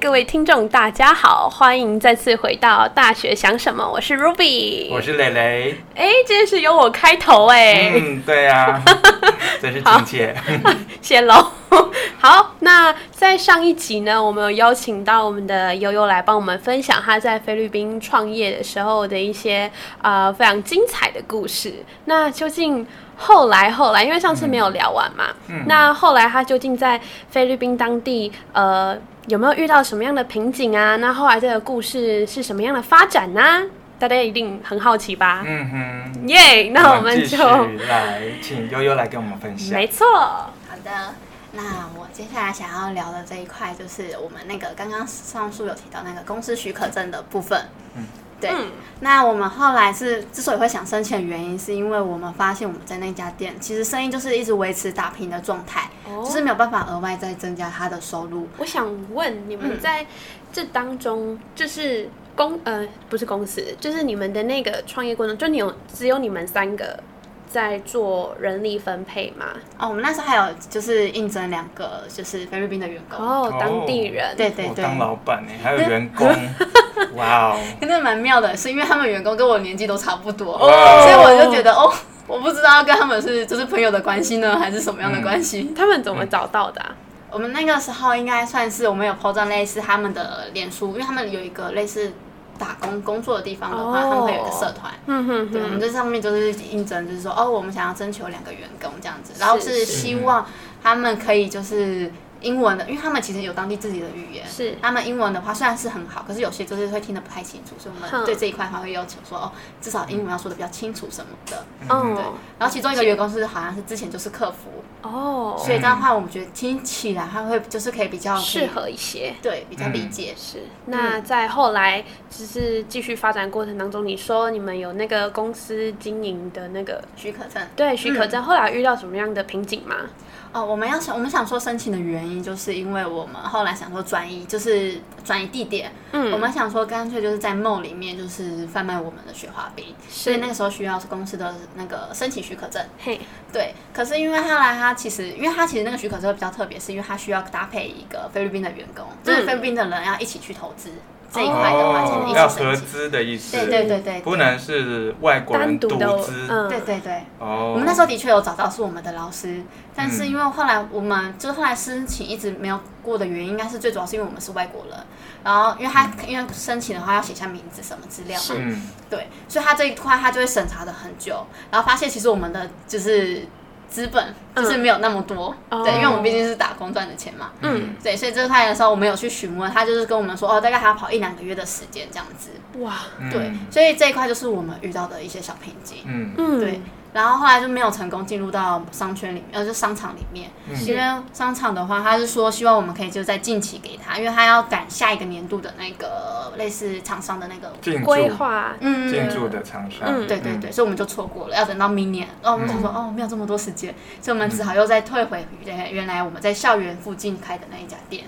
各位聽眾，大家好，歡迎再次回到《大學想什麼》。我是 Ruby，我是蕾蕾。哎、欸，真是由我開頭哎、欸。嗯，對呀、啊，真 是親切、啊。謝嘍。 好，那在上一集呢，我們有邀請到我們的悠悠來幫我們分享她在菲律賓創業的時候的一些啊、呃、非常精彩的故事。那究竟後來後來，因為上次沒有聊完嘛，嗯、那後來她究竟在菲律賓當地呃？有沒有遇到什麼樣的瓶頸啊？那後來這個故事是什麼樣的發展呢？大家一定很好奇吧？嗯哼，耶！Yeah, 那我們就我們來請悠悠來跟我們分享。沒錯，好的。那我接下來想要聊的這一塊，就是我們那個剛剛上述有提到那個公司許可證的部分。嗯。對、嗯，那我們後來是之所以會想申請的原因，是因為我們發現我們在那家店其實生意就是一直維持打平的狀態，oh, 就是沒有辦法額外再增加他的收入。我想問你們在這當中，就是公、嗯、呃不是公司，就是你們的那個創業過程，就你有只有你們三個在做人力分配嗎？哦，oh, 我們那時候還有就是應徵兩個就是菲律賓的員工哦，oh, 當地人，對對對，當老板、欸、還有員工。對 哇哦，真的蠻妙的，是因為他們員工跟我年紀都差不多，Wow. 所以我就覺得哦，我不知道跟他們是就是朋友的關係呢，還是什麼樣的關係？嗯、他們怎麼找到的啊？我們那個時候應該算是我們有 PO 上類似他們的臉書，因為他們有一個類似打工工作的地方的話，oh. 他們會有一個社團，嗯哼，哼對，我們這上面就是應徵，就是說哦，我們想要徵求兩個員工這樣子，然後是希望他們可以就是。英文的，因為他們其實有當地自己的語言，是他們英文的話雖然是很好，可是有些就是會聽得不太清楚，所以我們對這一塊的話，會要求說、嗯、哦，至少英文要說得比較清楚什麼的，嗯、對。然後其中一個員工是好像是之前就是客服哦，嗯、所以這樣的話我們覺得聽起來他會就是可以比較適合一些，對，比較理解、嗯、是。那在後來就是繼續發展過程當中，你說你們有那個公司經營的那個許可證，對，許可證，嗯、後來遇到什麼樣的瓶頸嗎？哦，我們要想，我們想說申請的原因，就是因為我們後來想說轉移，就是轉移地點。嗯，我們想說乾脆就是在 mall 裡面，就是販賣我們的雪花冰，是所以那個時候需要公司的那個申請許可證。嘿，對。可是因為後來他其實，因為他其實那個許可證比較特別，是因為他需要搭配一個菲律賓的員工，嗯、就是菲律賓的人要一起去投資。這一塊的話，哦，要合資的意思，對對對，對，不能是外國人獨資，單獨的，嗯、對對對。我們那時候的確有找到是我們的老師，嗯、但是因為後來我們就是後來申請一直沒有過的原因，應該是最主要是因為我們是外國人，然後因為他因為申請的話要寫下名字什麼資料嘛，是，對，所以他這一塊他就會審查的很久，然後發現其實我們的就是。資本就是沒有那麼多，嗯、對，因為我們畢竟是打工賺的錢嘛，嗯，對，所以這塊的時候我們有去詢問他，就是跟我們說，哦，大概還要跑一兩個月的時間這樣子，哇，對，嗯、所以這一塊就是我們遇到的一些小瓶頸，嗯，對。然後後來就沒有成功進入到商圈裡面，呃，就商場裡面。因為、嗯、商場的話，他是說希望我們可以就在近期給他，因為他要趕下一個年度的那個類似廠商的那個建築規劃，嗯，建築的廠商，嗯，嗯對對對，嗯、所以我們就錯過了，要等到明年，哦。然後我們想說，嗯、哦，沒有這麼多時間，所以我們只好又再退回原原來我們在校園附近開的那一家店。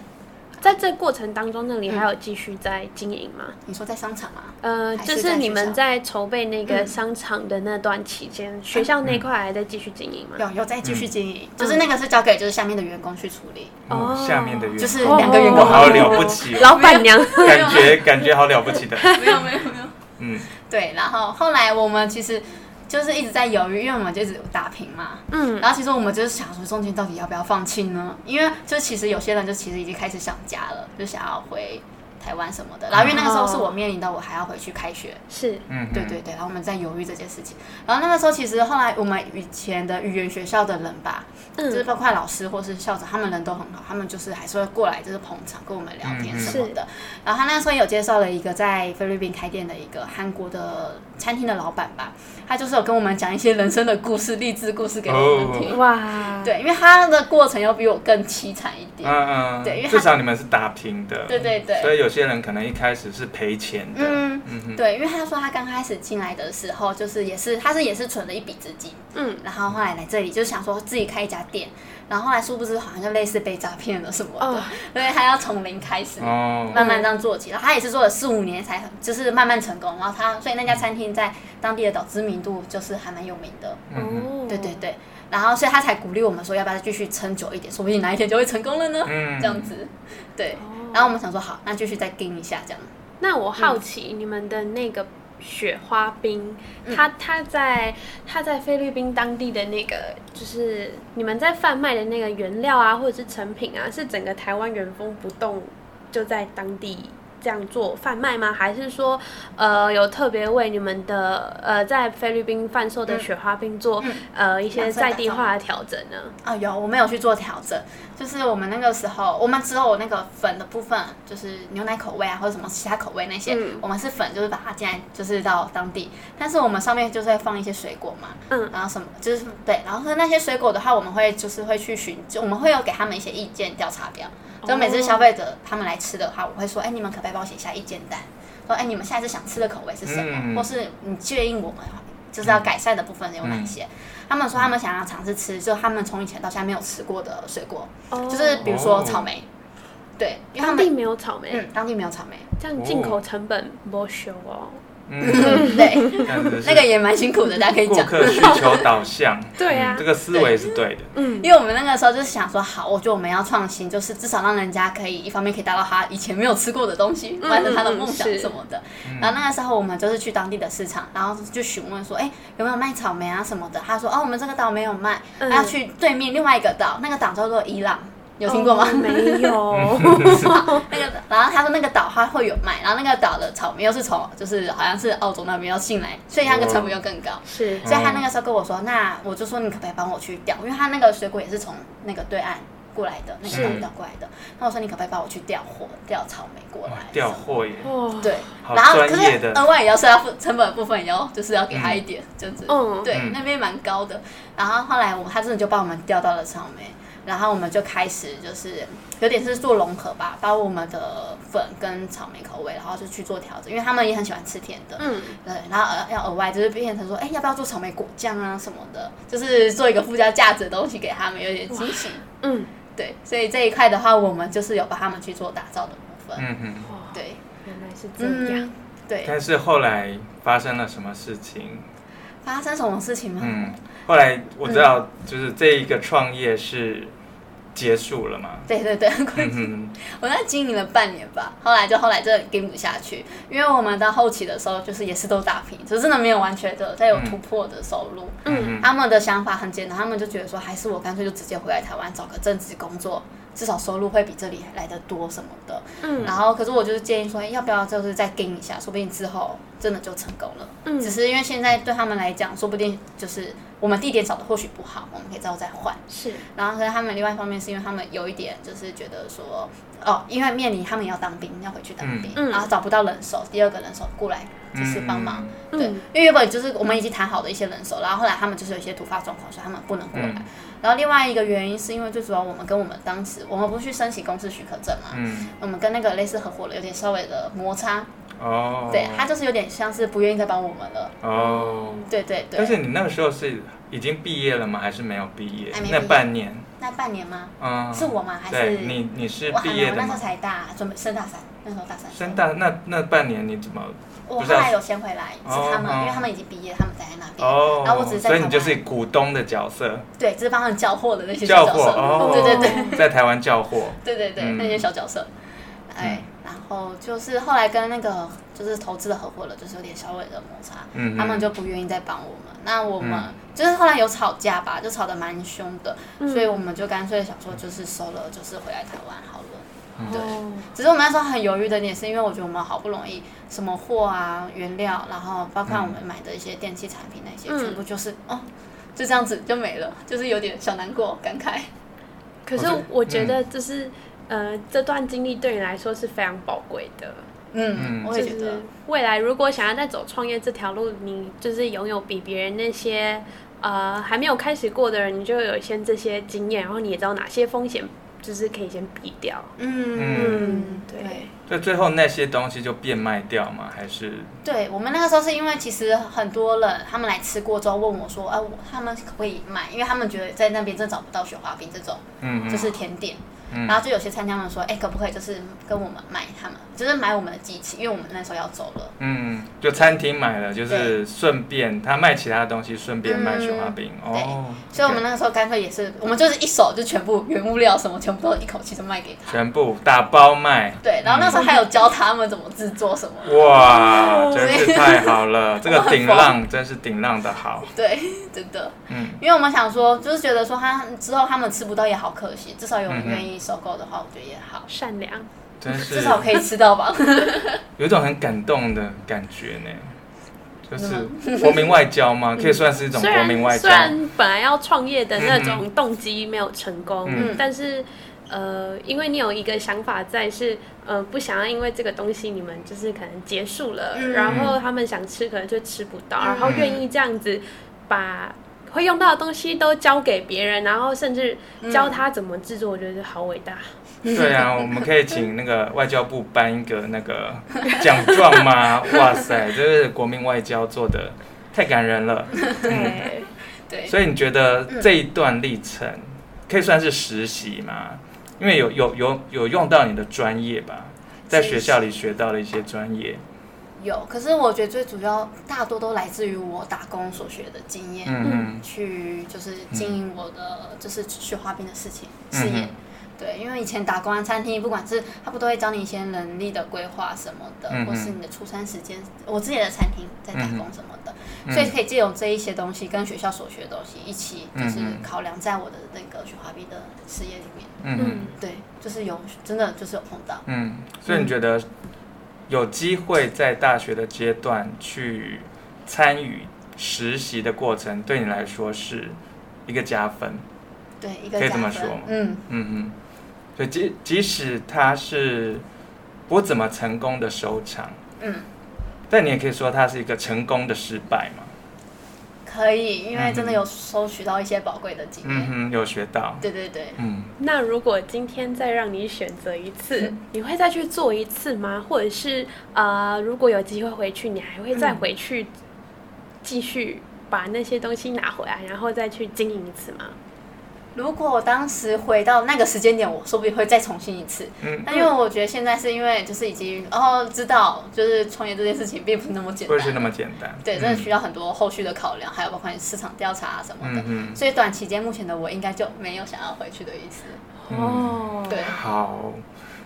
在這過程當中，那你還有繼續在經營嗎？你說在商場啊？呃，就是你們在籌備那個商場的那段期間，學校那塊還在繼續經營嗎？有有在繼續經營，就是那個是交給就是下面的員工去處理。哦，下面的員工就是兩個員工，好了不起，老闆娘感覺感覺好了不起的。沒有沒有沒有，嗯，對，然後後來我們其實。就是一直在猶豫，因為我們就一直打平嘛，嗯，然後其實我們就是想說，中間到底要不要放棄呢？因為就其實有些人就其實已經開始想家了，就想要回。台灣什麼的，然後因為那個時候是我面臨到，我還要回去開學，是，嗯，對對對，然後我們在猶豫這件事情，然後那個時候其實後來我們以前的語言學校的人吧，嗯、就是包括老師或是校長，他們人都很好，他們就是還是會過來就是捧場，跟我們聊天什麼的。嗯、然後他那個時候也有介紹了一個在菲律賓開店的一個韓國的餐廳的老闆吧，他就是有跟我們講一些人生的故事、勵志故事給我們聽。哇，oh. 對，因為他的過程要比我更淒慘一點，嗯嗯，對，因為至少你們是打拼的，對對對，所以有些。這些人可能一開始是賠錢的，嗯，對，因為他說他剛開始進來的時候，就是也是他是也是存了一筆資金，嗯，然後後來來這裡就想說自己開一家店，然後後來殊不知好像就類似被詐騙了什麼的，哦、因為他要從零開始，慢慢這樣做起來，哦哦、然後他也是做了四五年才就是慢慢成功，然後他所以那家餐廳在當地的島知名度就是還蠻有名的，哦，對對對，然後所以他才鼓勵我們說要不要繼續撐久一點，說不定哪一天就會成功了呢，嗯，這樣子，對。哦然後我們想說好，那就去再盯一下這樣。那我好奇、嗯、你們的那個雪花冰，它、嗯、它在它在菲律賓當地的那個，就是你們在販賣的那個原料啊，或者是成品啊，是整個台灣原封不動就在當地？這樣做販賣嗎？還是說，呃，有特別為你們的呃在菲律賓販售的雪花冰做、嗯嗯、呃一些在地化的調整呢？打算打算？啊，有，我沒有去做調整，就是我們那個時候，我們只有那個粉的部分，就是牛奶口味啊，或者什麼其他口味那些，嗯、我們是粉，就是把它進來，就是到當地。但是我們上面就是會放一些水果嘛，嗯，然後什麼就是對，然後那些水果的話，我們會就是會去尋，就我們會有給他們一些意見調查表。所以每次消費者、oh. 他們來吃的話，我會說：“哎、欸，你們可不可以幫我寫下意見單？說哎、欸，你們下一次想吃的口味是什麼？嗯、或是你介意我們、嗯、就是要改善的部分有哪些？”嗯、他們說他們想要嘗試吃，就他們從以前到現在沒有吃過的水果，oh. 就是比如說草莓，oh. 對，因為他們當地沒有草莓，嗯，當地沒有草莓，這樣進口成本不少哦。Oh. 嗯，對，那個也蠻辛苦的，大家可以講。顧客需求導向， 對呀、啊嗯，這個思維是對的。嗯，因為我們那個時候就是想說，好，我覺得我們要創新，就是至少讓人家可以一方面可以達到他以前沒有吃過的東西，完成他的夢想什麼的。是然後那個時候我們就是去當地的市場，然後就詢問說，哎、欸，有沒有賣草莓啊什麼的？他說，哦，我們這個島沒有賣，他要去對面另外一個島，那個島叫做伊朗。有聽過嗎？沒有，那個，然後他說那個島他會有賣，然後那個島的草莓又是從就是好像是澳洲那邊要進來，所以那個成本又更高，是，oh. 所以他那個時候跟我說，oh. 那我就說你可不可以幫我去調，因為他那個水果也是從那個對岸過來的，那個島調過來的，那是我說你可不可以幫我去調貨，調草莓過來？調貨也，耶 oh. 對，然後可是額外也要收到成本的部分也要就是要給他一點，mm. 就是，對，oh. 那邊蠻高的，然後後來我他真的就幫我們調到了草莓。然後我們就開始就是有點是做融合吧，把我們的粉跟草莓口味，然後就去做調整，因為他們也很喜歡吃甜的，嗯，對，然後要，要額外就是變成說，哎，要不要做草莓果醬啊什麼的，就是做一個附加價值的東西給他們，有點驚喜，嗯，對，所以這一塊的話，我們就是有幫他們去做打造的部分，嗯嗯哼，對，原來是這樣，嗯、對。但是後來發生了什麼事情？發生什麼事情嗎？嗯，後來我知道，就是這一個創業是。結束了嗎？ 對對對，嗯、哼 我在經營了半年吧，後來就後來就跟不下去，因為我們到後期的時候，就是也是都打平，就真的沒有完全的再有突破的收入。嗯。他們的想法很簡單，他們就覺得說，還是我乾脆就直接回來台灣找個正職工作，至少收入會比這裡來得多什麼的。嗯。然後，可是我就是建議說，要不要就是再跟一下，說不定之後真的就成功了。嗯。只是因為現在對他們來講，說不定就是。我們地點找的或許不好，我們可以之後再換。是，然後所以他們另外一方面是因為他們有一點就是覺得說，哦，因為面臨他們要當兵，要回去當兵，嗯、然後找不到人手，第二個人手過來就是幫忙。嗯、對，嗯、因為原本就是我們已經談好的一些人手，然後後來他們就是有一些突發狀況，所以他們不能過來。嗯、然後另外一個原因是因為最主要我們跟我們當時我們不是去申請公司許可證嘛，嗯、我們跟那個類似合夥的有點稍微的摩擦。哦，對他就是有點像是不願意再幫我們了。哦，對對對。但是你那個時候是已經畢業了嗎？還是沒有畢業？那半年？那半年嗎？嗯，是我嗎？還是你？你是畢業的嗎？那時候才大，準備升大三。那時候大三。升大那那半年你怎麼？我後來有先回來，是他們，因為他們已經畢業，他們在那邊。哦。然後我只在。所以你就是股東的角色。對，就是幫他們叫貨的那些角色。叫貨。對對對。在台灣叫貨。對對對，那些小角色。哎。哦，oh, 就是後來跟那個就是投資的合夥人，就是有點稍微的摩擦，嗯，嗯，他們就不願意再幫我們。嗯、那我們、嗯、就是後來有吵架吧，就吵得蠻兇的，嗯，所以我們就乾脆想說，就是收了，就是回來台灣好了。嗯、對，嗯、只是我們那時候很猶豫的點是因為我覺得我們好不容易什麼貨啊、原料，然後包括我們買的一些電器產品那些，嗯、全部就是哦，就這樣子就沒了，就是有點小難過、感慨。可是我覺得就是。嗯呃，這段經歷對你來說是非常寶貴的。嗯，我也覺得。未來如果想要再走創業這條路，你就是擁有比別人那些呃還沒有開始過的人，你就有一些這些經驗，然後你也知道哪些風險就是可以先避掉。嗯、嗯對。就最後那些東西就變賣掉嗎？還是？對，我們那個時候是因為其實很多人他們來吃過之後問我說，哎、啊，他們可不可以買？因為他們覺得在那邊真的找不到雪花冰這種，就是甜點。嗯嗯然後就有些餐廳們說，哎，可不可以就是跟我們買他們，就是買我們的機器，因為我們那時候要走了。嗯，就餐廳買了，就是順便他賣其他東西，順便賣雪花餅。哦。所以我們那個時候乾脆也是，我們就是一手就全部原物料什麼全部都一口氣都賣給他，全部打包賣。對，然後那時候還有教他們怎麼製作什麼。哇，真是太好了，這個頂讓，真是頂讓的好。對，真的。嗯，因為我們想說，就是覺得說他之後他們吃不到也好可惜，至少有人願意。收購的話，我覺得也好，善良，至少可以吃到吧。 有一種很感動的感覺呢，就是國民外交嗎？嗯、可以算是一種國民外交。雖然，雖然本來要創業的那種動機沒有成功，嗯、但是呃，因為你有一個想法在是，是呃不想要因為這個東西你們就是可能結束了，嗯、然後他們想吃可能就吃不到，嗯、然後願意這樣子吧。會用到的東西都交給別人，然後甚至教他怎麼制作，嗯、我覺得好偉大。對啊，我們可以請那個外交部頒一個那個獎狀嗎？ 哇塞，這是國民外交做的太感人了。對，嗯、對，所以你覺得這一段歷程可以算是實習嗎？因為有有有有用到你的專業吧，在學校裡學到了一些專業。有，可是我覺得最主要大多都來自於我打工所學的經驗，嗯、去就是經營我的就是雪花冰的事情，嗯、哼事業。對，因為以前打工的餐廳，不管是他不都會教你一些能力的規劃什麼的，嗯、哼或是你的出餐時間。我自己的餐廳在打工什麼的，嗯、哼所以可以借由這一些東西跟學校所學的東西一起，就是考量在我的那個雪花冰的事業裡面。嗯哼，對，就是有真的就是有碰到。嗯，所以你覺得、嗯？有機會在大學的階段去參與實習的過程，對你來說是一個加分，對，一個加分可以這麼說嗎？嗯嗯嗯，所以即即使它是不怎麼成功的收場，嗯，但你也可以說它是一個成功的失敗嘛。可以，因為真的有收取到一些寶貴的經驗。嗯哼，有學到。對對對，嗯。那如果今天再讓你選擇一次，嗯。你會再去做一次嗎？或者是呃，如果有機會回去，你還會再回去繼續把那些東西拿回來，然後再去經營一次嗎？如果當時回到那個時間點，我說不定會再重新一次。嗯，那因為我覺得現在是因為就是已經哦知道，就是創業這件事情並不是那麼簡單。不是那麼簡單。對，嗯、真的需要很多後續的考量，還有包括市場調查、啊、什麼的。嗯，嗯。所以，短期間目前的我，應該就沒有想要回去的意思。哦、嗯，對。好，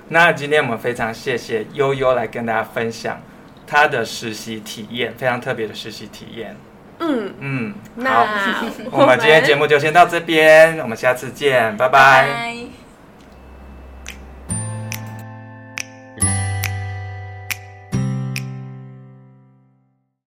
那今天我們非常謝謝悠悠來跟大家分享她的實習體驗，非常特別的實習體驗。嗯嗯，好，那我們今天節目就先到這邊，我們下次見，拜拜。拜拜。